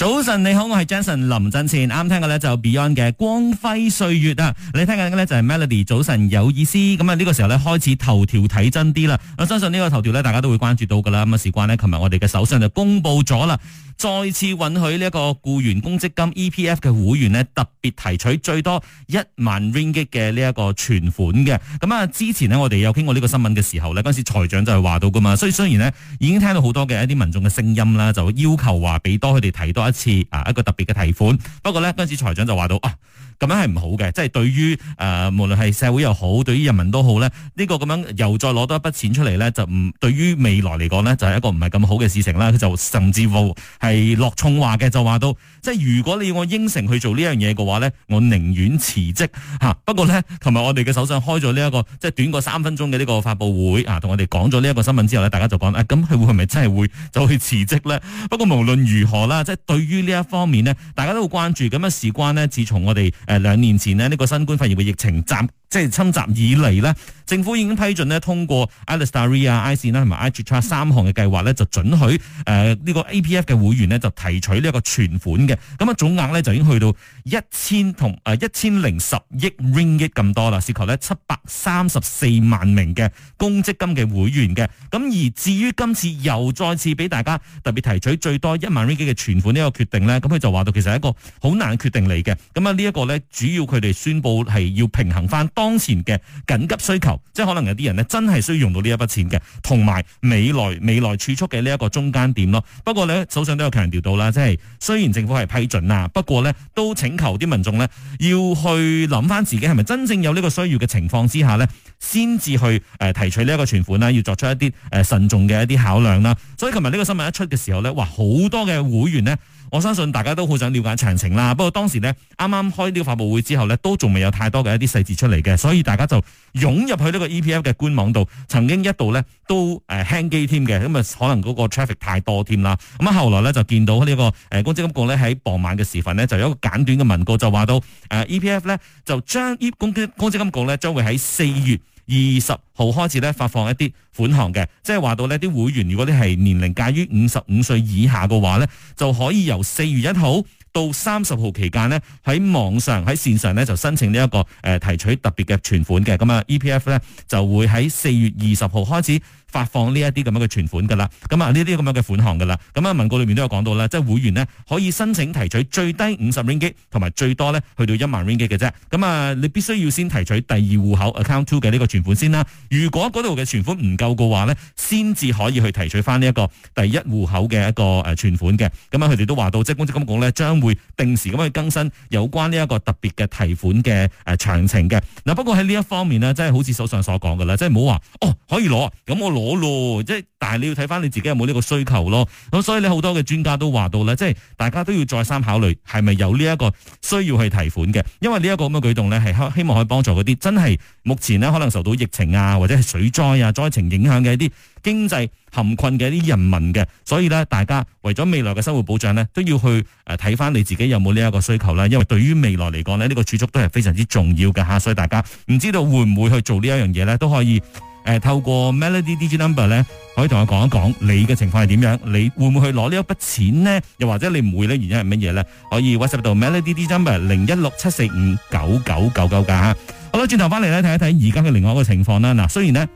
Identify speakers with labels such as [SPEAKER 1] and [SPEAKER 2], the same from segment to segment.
[SPEAKER 1] 早晨，你好，我係 Jason 林振善。啱聽嘅咧就 Beyond 嘅《光輝歲月》啊，你聽嘅咧就係 Melody。早晨有意思，咁啊呢個時候咧開始頭條睇真啲啦。我相信呢個頭條咧大家都會關注到噶啦。咁啊事關呢琴日我哋嘅首相就公布咗啦。再次允許呢一個僱員公積金 E.P.F. 嘅會員呢，特別提取最多一萬 ringgit 嘅呢一個存款嘅。咁啊，之前呢我哋有傾過呢個新聞嘅時候呢，嗰陣時財長就係話到㗎嘛。所以雖然呢已經聽到好多嘅一啲民眾嘅聲音啦，就要求話俾多佢哋提多一次啊，一個特別嘅提款。不過呢，嗰陣時財長就話到啊，咁樣係唔好嘅，即係對於誒、呃、無論係社會又好，對於人民都好呢，呢個咁樣又再攞多一筆錢出嚟呢，就唔對於未來嚟講呢，就係一個唔係咁好嘅事情啦。佢就甚至乎係樂聰話嘅，就話到。即係如果你要我應承去做呢樣嘢嘅話咧，我寧願辭職吓。不過咧，琴日我哋嘅首相開咗呢一個即係短過三分鐘嘅呢個發佈會啊，同我哋講咗呢一個新聞之後咧，大家就講啊，咁佢會唔係真係會走去辭職咧？不過無論如何啦，即係對於呢一方面咧，大家都好關注。咁啊，事關咧，自從我哋誒兩年前咧呢、呢個新冠肺炎嘅疫情集即係侵襲以嚟咧，政府已經批准咧通過 i-Lestari 啊、i-Sinar 啦同埋 i-Citra 三項嘅計劃咧，就准許誒呢個 APF 嘅會員咧就提取呢一個存款。咁啊，總額咧就已經去到一千同誒一千零十億 ringgit 咁多啦，涉及咧七百三十四萬名嘅公積金嘅會員嘅。咁而至於今次又再次俾大家特別提取最多一萬 ringgit 嘅存款呢個決定呢，咁佢就話到其實係一個好難決定嚟嘅。咁啊呢一個呢，主要佢哋宣布係要平衡翻當前嘅緊急需求，即係可能有啲人呢真係需要用到呢一筆錢嘅，同埋未來未來儲蓄嘅呢一個中間點咯。不過呢，首相都有強調到啦，即係雖然政府係係批准啊，不過呢，都請求啲民眾呢，要去諗翻自己係咪真正有呢個需要嘅情況之下呢，先至去誒提取呢一個存款啦，要作出一啲誒慎重嘅一啲考量啦。所以琴日呢個新聞一出嘅時候呢，哇，好多嘅會員呢。我相信大家都好想了解詳情啦。不過當時呢，啱啱開呢個發佈會之後呢，都仲未有太多嘅一啲細節出嚟嘅，所以大家就湧入去呢個 E P F 嘅官網度，曾經一度呢都誒輕機添嘅，咁、呃、啊可能嗰個 traffic 太多添啦，咁啊後來呢就見到呢個誒公積金局呢，喺傍晚嘅時份呢，就有一個簡短嘅文告就、呃，就話到誒 E P F 呢就將依公積公積金局呢將會喺四月。二十號開始咧，發放一啲款項嘅，即係話到呢啲會員，如果你係年齡介於五十五歲以下嘅話呢，就可以由四月一號到三十號期間呢，喺網上喺線上呢就申請呢、這、一個、呃、提取特別嘅存款嘅，咁啊 E P F 呢就會喺四月二十號開始。發放呢一啲咁樣嘅存款噶啦，咁啊呢啲咁樣嘅款項噶啦，咁啊文告裏面都有講到啦，即係會員呢，可以申請提取最低五十 ringgit，同埋最多咧去到一萬 ringgit 嘅啫。咁啊，你必須要先提取第二戶口 account two 嘅呢個存款先啦。如果嗰度嘅存款唔夠嘅話呢，先至可以去提取翻呢一個第一戶口嘅一個誒存款嘅。咁啊，佢哋都話到，即係公積金局呢，將會定時咁去更新有關呢一個特別嘅提款嘅誒詳情嘅。嗱，不過喺呢一方面呢，即係好似手上所講嘅啦，即係唔好話哦可以攞，咁我攞。我咯，即係，但係你要睇翻你自己有冇呢個需求咯。咁所以咧，好多嘅專家都話到咧，即係大家都要再三考慮係咪有呢一個需要去提款嘅。因為呢一個咁嘅舉動咧，係希望可以幫助嗰啲真係目前呢可能受到疫情啊或者係水災啊災情影響嘅一啲經濟含困嘅一啲人民嘅。所以咧，大家為咗未來嘅生活保障咧，都要去誒睇翻你自己有冇呢一個需求啦。因為對於未來嚟講咧，呢個儲蓄都係非常之重要嘅吓。所以大家唔知道會唔會去做呢一樣嘢咧，都可以。誒、呃，透過 Melody D G Number 咧，可以同我講一講你嘅情況係點樣？你會唔會去攞呢一筆錢呢？又或者你唔會呢？原因係乜嘢咧？可以 WhatsApp 到 Melody D G Number 零一六七四五九九九九噶吓。好啦，轉頭翻嚟咧，睇一睇而家嘅另外一個情況啦。嗱、啊，雖然呢，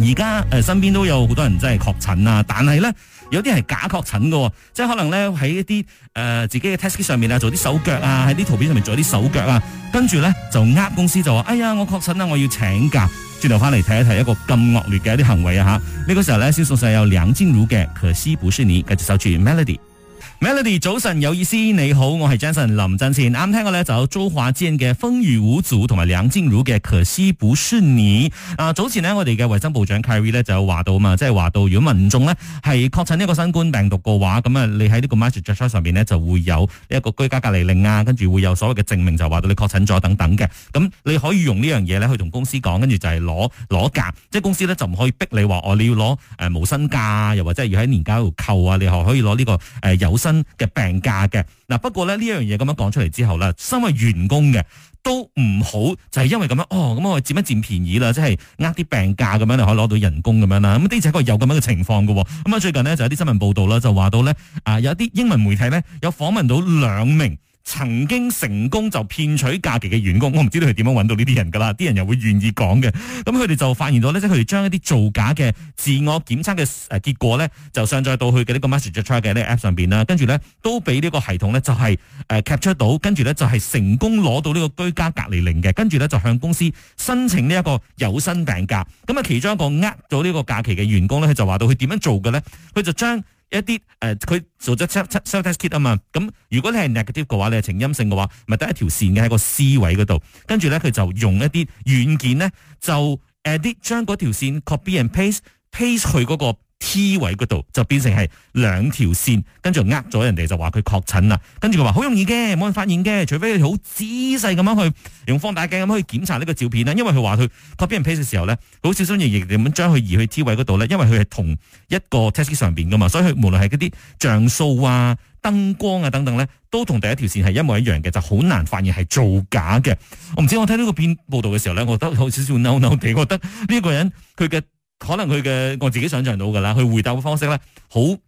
[SPEAKER 1] 而家誒身邊都有好多人真係確診啊，但係咧有啲係假確診噶，即係可能咧喺一啲誒、呃、自己嘅 test 上面啊，做啲手腳啊，喺啲圖片上面做啲手腳啊，跟住咧就呃公司就話，哎呀，我確診啦，我要請假。轉頭翻嚟，睇一睇一個咁惡劣嘅一啲行為啊吓。呢、這個時候咧先送上有梁靜茹嘅可惜不是你，繼續收住 Melody。Melody 早晨有意思，你好，我係 Jason 林振先。啱聽過咧就有周華健嘅風雨無阻，同埋梁靜茹嘅可惜不是你。啊，早前呢，我哋嘅衛生部長 Kerry 咧就話到啊嘛，即係話到如果民眾呢，係確診呢個新冠病毒嘅話，咁啊你喺呢個 MySejahtera 上邊呢，就會有呢一個居家隔離令啊，跟住會有所謂嘅證明，就話到你確診咗等等嘅。咁你可以用呢樣嘢呢，去同公司講，跟住就係攞攞假，即係公司呢，就唔可以逼你話哦你要攞誒無薪假，又或者要喺年假度扣啊，你可可以攞呢個誒有。真嘅病假嘅嗱，不過咧呢一樣嘢咁樣講出嚟之後，身為員工嘅都唔好就係因為咁樣哦，咁我哋佔一佔便宜啦，即係呃啲病假咁樣就可以攞到人工咁樣啦。咁的確有咁樣嘅情況嘅，咁啊最近呢，就有啲新聞報道啦，就話到咧啊有啲英文媒體咧有訪問到兩名，曾經成功就騙取假期嘅員工，我唔知道佢點樣揾到呢啲人噶啦，啲人又會願意講嘅。咁佢哋就發現到呢，即係佢哋將一啲造假嘅自我檢測嘅誒結果呢，就上載到去嘅呢個 message track 嘅呢個 app 上邊啦。跟住呢，都俾呢個系統呢，就係 capture 到，跟住呢，就係、是、成功攞到呢個居家隔離令嘅。跟住呢，就向公司申請呢一個有薪病假。咁啊，其中一個呃咗呢個假期嘅員工呢，佢就話到佢點樣做嘅呢？佢就將。一啲誒佢做咗 self test kit 啊嘛，咁、啊、如果你係 negative 嘅話，你係呈陰性嘅話，咪得一條線嘅喺個 C 位嗰度，跟住咧佢就用一啲軟件咧，就 edit 將嗰條線 copy and paste paste 去嗰，那個 T 位嗰度就變成係兩條線，跟住呃咗人哋就話佢確診啦。跟住佢話好容易嘅，冇人發現嘅，除非佢好仔細咁樣去用放大鏡咁去檢查呢個照片啦。因為佢話佢 copy and paste 嘅時候咧，好小心翼翼咁將佢移去 T 位嗰度咧，因為佢係同一個 test 上邊噶嘛，所以佢無論係嗰啲像素啊、燈光啊等等咧，都同第一條線係一模一樣嘅，就好難發現係造假嘅。我唔知我睇呢個片報道嘅時候咧，我得好少少嬲嬲地，覺得呢個人佢嘅。可能佢嘅我自己想象到噶啦，佢回答嘅方式咧，好、呃、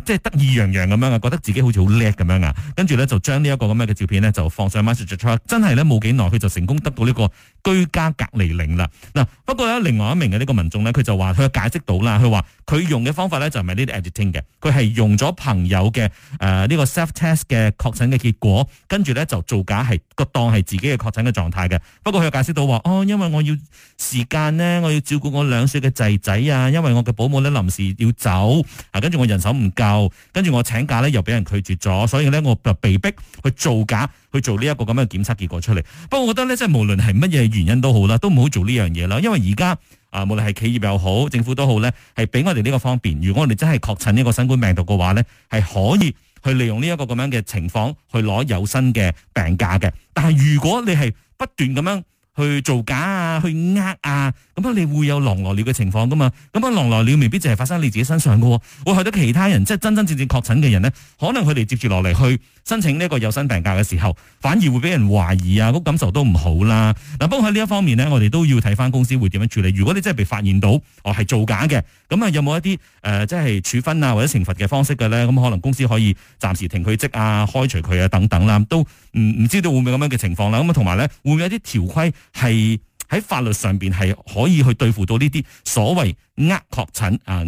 [SPEAKER 1] 誒，即係得意洋洋咁樣啊，覺得自己好似好叻咁樣啊，跟住咧就將呢一個咁樣嘅照片咧就放上 master 出嚟真係咧冇幾耐，佢就成功得到呢、這個。居家隔離令啦，嗱，不過咧另外一名嘅呢個民眾咧，佢就話佢解釋到啦，佢話佢用嘅方法咧就唔係呢啲 editing 嘅，佢係用咗朋友嘅誒，呢個 self test 嘅確診嘅結果，跟住咧就造假係個當係自己嘅確診嘅狀態嘅。不過佢又解釋到話，哦，因為我要時間咧，我要照顧我兩歲嘅仔仔啊，因為我嘅保姆咧臨時要走啊，跟住我人手唔夠，跟住我請假咧又俾人拒絕咗，所以咧我就被逼去造假，去做呢一個咁樣嘅檢測結果出嚟。不過我覺得咧，即係無論係乜嘢。原因都好啦，都唔好做呢樣嘢啦。因為而家啊，無論係企業又好，政府都好咧，係俾我哋呢個方便。如果我哋真係確診呢個新冠病毒嘅話咧，係可以去利用呢一個咁樣嘅情況去攞有薪嘅病假嘅。但係如果你係不斷咁樣去造假。去呃啊，咁啊你會有狼來了嘅情況噶嘛？咁啊狼來了，未必淨係發生你自己身上噶，會害到其他人，即係真真正正確診嘅人呢，可能佢哋接住落嚟去申請呢個有薪病假嘅時候，反而會俾人懷疑啊，嗰、那個、感受都唔好啦。嗱，不過喺呢一方面呢，我哋都要睇返公司會點樣處理。如果你真係被發現到哦係造假嘅，咁啊有冇一啲誒、呃、即係處分啊或者懲罰嘅方式嘅咧？咁可能公司可以暫時停佢職啊、開除佢啊等等啦、啊，都唔唔、嗯、知道會唔會咁樣嘅情況啦、啊。咁同埋咧，會唔會有啲條規係，喺法律上邊係可以去對付到呢啲所謂呃確診啊，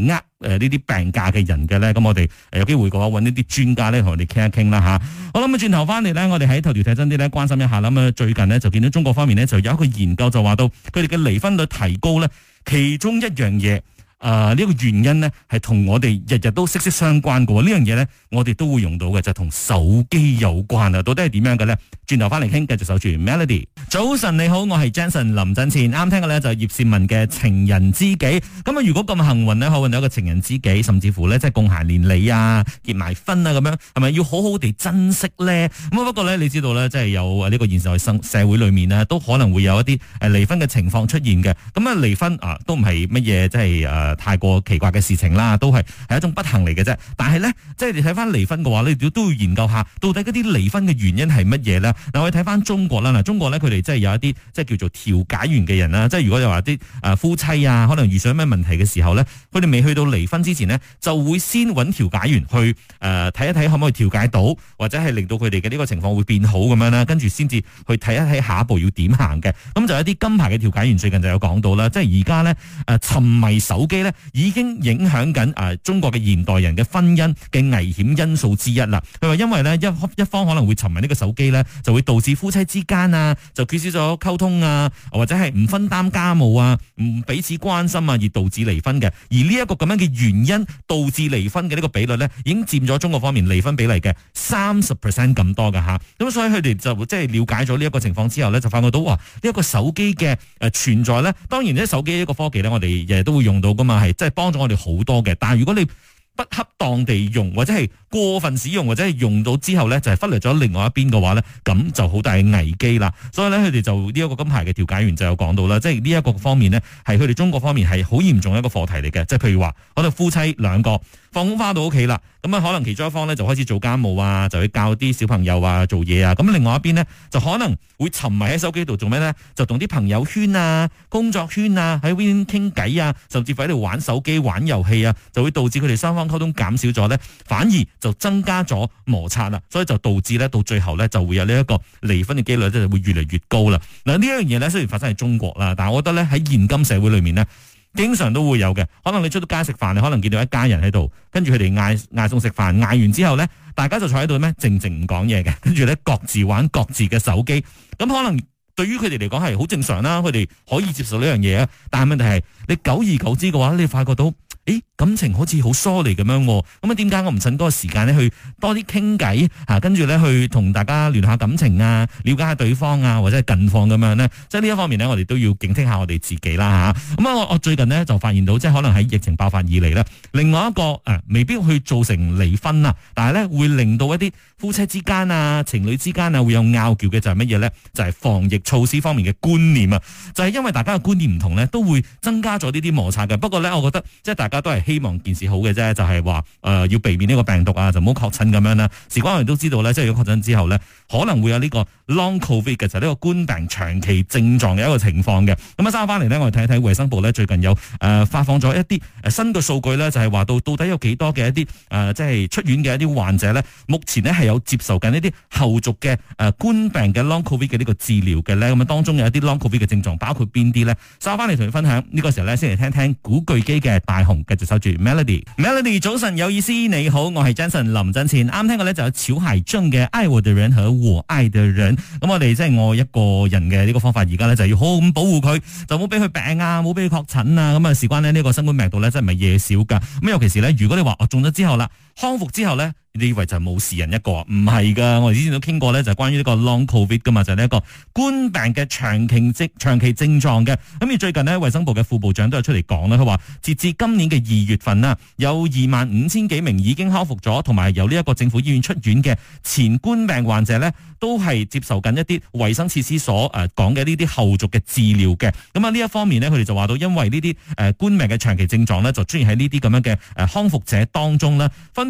[SPEAKER 1] 呃、誒，呢啲病假嘅人嘅咧？咁我哋有機會嘅話揾呢啲專家咧，同我哋傾一傾啦吓。好諗，咁轉頭翻嚟咧，我哋喺頭條睇真啲咧，關心一下啦。咁啊最近呢，就見到中國方面呢，就有一個研究就話到佢哋嘅離婚率提高咧，其中一樣嘢啊，呢個原因呢，係同我哋日日都息息相關嘅喎。這樣東西，呢樣嘢咧，我哋都會用到嘅就同、是、手機有關啊。到底係點樣嘅咧？轉頭翻嚟傾，繼續守住 Melody。早晨你好，我係 Jason 林振前，啱聽嘅呢就係葉倩文嘅情人知己。咁啊，如果咁幸運呢，可以搵到一個情人知己，甚至乎呢，即係共偕連理啊，結埋婚啊，咁樣係咪要好好地珍惜呢？咁不過呢，你知道呢，即係有呢個現實生社會裏面呢，都可能會有一啲誒離婚嘅情況出現嘅。咁啊，離婚啊，都唔係乜嘢，即係誒太過奇怪嘅事情啦，都係係一種不幸嚟嘅啫。但係呢，即係你睇翻離婚嘅話咧，都要研究一下到底嗰啲離婚嘅原因係乜嘢咧。嗱，我睇翻中國啦，嗱，中國咧嚟即係有一啲即係叫做調解員嘅人啦，即係如果又話啲誒夫妻啊，可能遇上咩問題嘅時候呢，佢哋未去到離婚之前呢，就會先揾調解員去誒呃、睇一睇可唔可以調解到，或者係令到佢哋嘅呢個情況會變好咁樣啦，跟住先至去睇一睇下一步要點行嘅。咁就有啲金牌嘅調解員最近就有講到啦，即係而家呢，誒、呃、沉迷手機呢已經影響緊誒、呃、中國嘅現代人嘅婚姻嘅危險因素之一啦。佢話因為呢，一一方可能會沉迷呢個手機呢，就會導致夫妻之間啊～就缺少咗溝通啊，或者係唔分擔家務啊，唔彼此關心啊，而導致離婚嘅。而呢一個咁樣嘅原因導致離婚嘅呢個比率咧，已經佔咗中國方面離婚比例嘅三十 percent 咁多㗎。吓。咁所以佢哋就即係、就是、了解咗呢一個情況之後咧，就發覺到哇，呢、這、一個手機嘅誒存在咧，當然呢手機呢個科技咧，我哋日日都會用到噶嘛，係即係幫咗我哋好多嘅。但係如果你不恰當地用或者係。過分使用或者係用到之後呢，就係、是、忽略咗另外一邊嘅話呢，咁就好大危機啦。所以呢，佢哋就呢一、這個金牌嘅調解員就有講到啦，即係呢一個方面呢，係佢哋中國方面係好嚴重一個課題嚟嘅。即係譬如話，可能夫妻兩個放工翻到屋企啦，咁啊可能其中一方呢，就開始做家務啊，就會教啲小朋友啊做嘢啊，咁另外一邊呢，就可能會沉迷喺手機度做咩呢？就同啲朋友圈啊、工作圈啊、喺微信傾偈啊，甚至乎喺度玩手機、玩遊戲啊，就會導致佢哋雙方溝通減少咗呢。反而。就增加咗摩擦啦，所以就導致咧到最後咧就會有呢一個離婚嘅機率，即係會越嚟越高啦。嗱，呢樣嘢咧雖然發生喺中國啦，但係我覺得咧喺現今社會裏面咧，經常都會有嘅。可能你出到街食飯，你可能見到一家人喺度，跟住佢哋嗌嗌餸食飯，嗌完之後咧，大家就坐喺度咩靜靜唔講嘢嘅，跟住咧各自玩各自嘅手機。咁可能對於佢哋嚟講係好正常啦，佢哋可以接受呢樣嘢啊。但係問題係你久而久之嘅話，你發覺到，誒？感情好似好疏離咁樣，咁啊點解我唔趁多個時間呢去多啲傾偈啊？跟住呢去同大家聯絡下感情啊，了解下對方啊，或者係近況咁樣呢？即係呢一方面呢，我哋都要警惕下我哋自己啦吓，咁啊，我我最近呢就發現到，即係可能喺疫情爆發以嚟呢，另外一個誒未必去造成離婚啊，但係呢，會令到一啲夫妻之間啊、情侶之間啊，會有拗撬嘅就係乜嘢呢？就係防疫措施方面嘅觀念啊，就係因為大家嘅觀念唔同呢，都會增加咗呢啲摩擦嘅。不過呢，我覺得即係大家都係。希望件事好嘅啫，就係話誒要避免呢個病毒啊，就唔好確診咁樣啦。事關我哋都知道咧，即係如果確診之後咧，可能會有呢個 long covid 嘅，就係呢個冠病長期症狀嘅一個情況嘅。咁啊，收翻嚟咧，我哋睇一睇衛生部咧最近有誒、呃、發放咗一啲誒新嘅數據咧，就係話到到底有幾多嘅一啲誒、呃、即係出院嘅一啲患者咧，目前呢係有接受緊呢啲後續嘅誒、呃、冠病嘅 long covid 嘅呢個治療嘅咧。咁啊當中有啲 long covid 嘅症狀包括邊啲咧？收翻嚟同你分享呢個時候咧，先嚟聽聽古巨基嘅大雄繼續收。Melody Melody 早晨有意思，你好，我係 Jason 林振前，啱聽過咧就有小孩中嘅愛我的人和我愛的人，咁我哋即係愛一個人嘅呢個方法，而家咧就要好好咁保護佢，就冇俾佢病啊，冇俾佢確診啊，咁啊事關呢呢個新冠病毒咧真係唔係夜少噶，咁尤其是咧如果你話我中咗之後啦。康復之後呢，你以為就冇事人一個啊？唔係噶，我哋之前都傾過呢，就關於呢個 long covid 噶嘛，就呢、是、一個冠病嘅長期症長期症狀嘅。咁而最近呢，衛生部嘅副部長都有出嚟講啦，佢話截至今年嘅二月份啊，有二萬五千幾名已經康復咗，同埋由呢一個政府醫院出院嘅前冠病患者呢，都係接受緊一啲衛生設施所誒講嘅呢啲後續嘅治療嘅。咁啊呢一方面呢，佢哋就話到，因為呢啲誒冠病嘅長期症狀呢，就出現喺呢啲咁樣嘅誒康復者當中啦，分。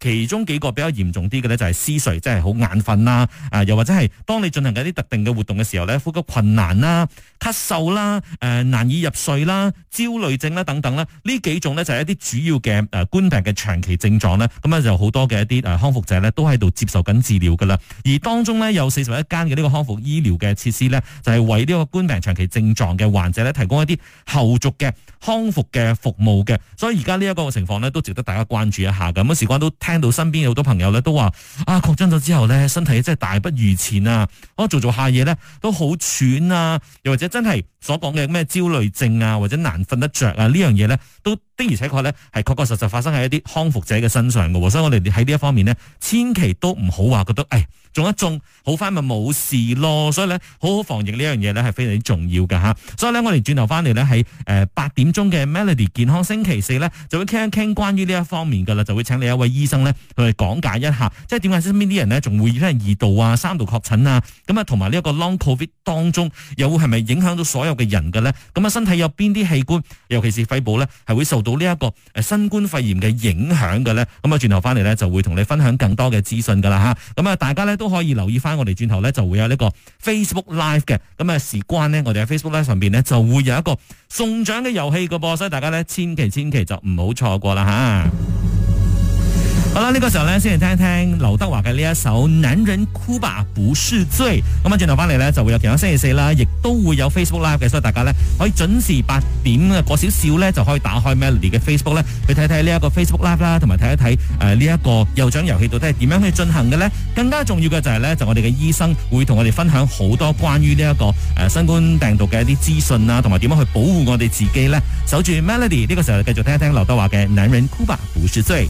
[SPEAKER 1] 其中幾個比較嚴重啲嘅咧，就係嗜睡，即係好眼瞓啦，啊，又或者係當你進行緊一啲特定嘅活動嘅時候咧，呼吸困難啦、咳嗽啦、誒、呃、難以入睡啦、焦慮症啦等等啦，呢幾種咧就係一啲主要嘅官、呃、冠病嘅長期症狀咧。咁啊，就好多嘅一啲康復者咧，都喺度接受緊治療噶啦。而當中呢，有四十一間嘅呢個康復醫療嘅設施咧，就係、是、為呢個冠病長期症狀嘅患者咧，提供一啲後續嘅康復嘅服務嘅。所以而家呢一個情況呢，都值得大家關注一下嘅。時關都。聽到身邊有好多朋友咧都話啊，確診咗之後咧，身體真係大不如前啊，哦、啊、做做下嘢咧都好喘啊，又或者真係。所講嘅咩焦慮症啊，或者難瞓得着啊，呢樣嘢咧，都的而且確咧，係確確實實發生喺一啲康復者嘅身上嘅、啊，所以我哋喺呢一方面呢，千祈都唔好話覺得，誒、哎，中一中好翻咪冇事咯，所以咧，好好防疫呢樣嘢咧係非常之重要㗎、啊。所以咧，我哋轉頭翻嚟咧喺八點鐘嘅 Melody 健康星期四咧，就會傾一傾關於呢一方面㗎啦，就會請你一位醫生咧去講解一下，即係點解身邊啲人咧仲會二度啊、三度確診啊，咁啊同埋呢一個 long covid 當中又會係咪影響到所有嘅人嘅咧，咁啊身體有邊啲器官，尤其是肺部咧，係會受到呢一個誒新冠肺炎嘅影響嘅咧。咁啊轉頭翻嚟咧，就會同你分享更多嘅資訊噶啦吓。咁啊大家咧都可以留意翻我哋轉頭咧就會有呢個 Facebook Live 嘅。咁啊事關咧，我哋喺 Facebook Live 上邊咧就會有一個送獎嘅遊戲個噃，所以大家咧千祈千祈就唔好錯過啦吓。好啦，呢、這個時候咧，先嚟聽一聽劉德華嘅呢一首《男人哭吧不是罪》。咁啊，轉頭翻嚟咧，就會有其他星期四啦，亦都會有 Facebook Live 嘅，所以大家咧可以準時八點啊過少少咧就可以打開 Melody 嘅 Facebook 咧，去睇睇呢一個 Facebook Live 啦，同埋睇一睇誒呢一個有獎遊戲到底係點樣去進行嘅咧。更加重要嘅就係咧，就我哋嘅醫生會同我哋分享好多關於呢、這、一個誒、呃、新冠病毒嘅一啲資訊啊，同埋點樣去保護我哋自己咧。守住 Melody 呢個時候繼續聽一聽劉德華嘅《男人哭吧不是罪》。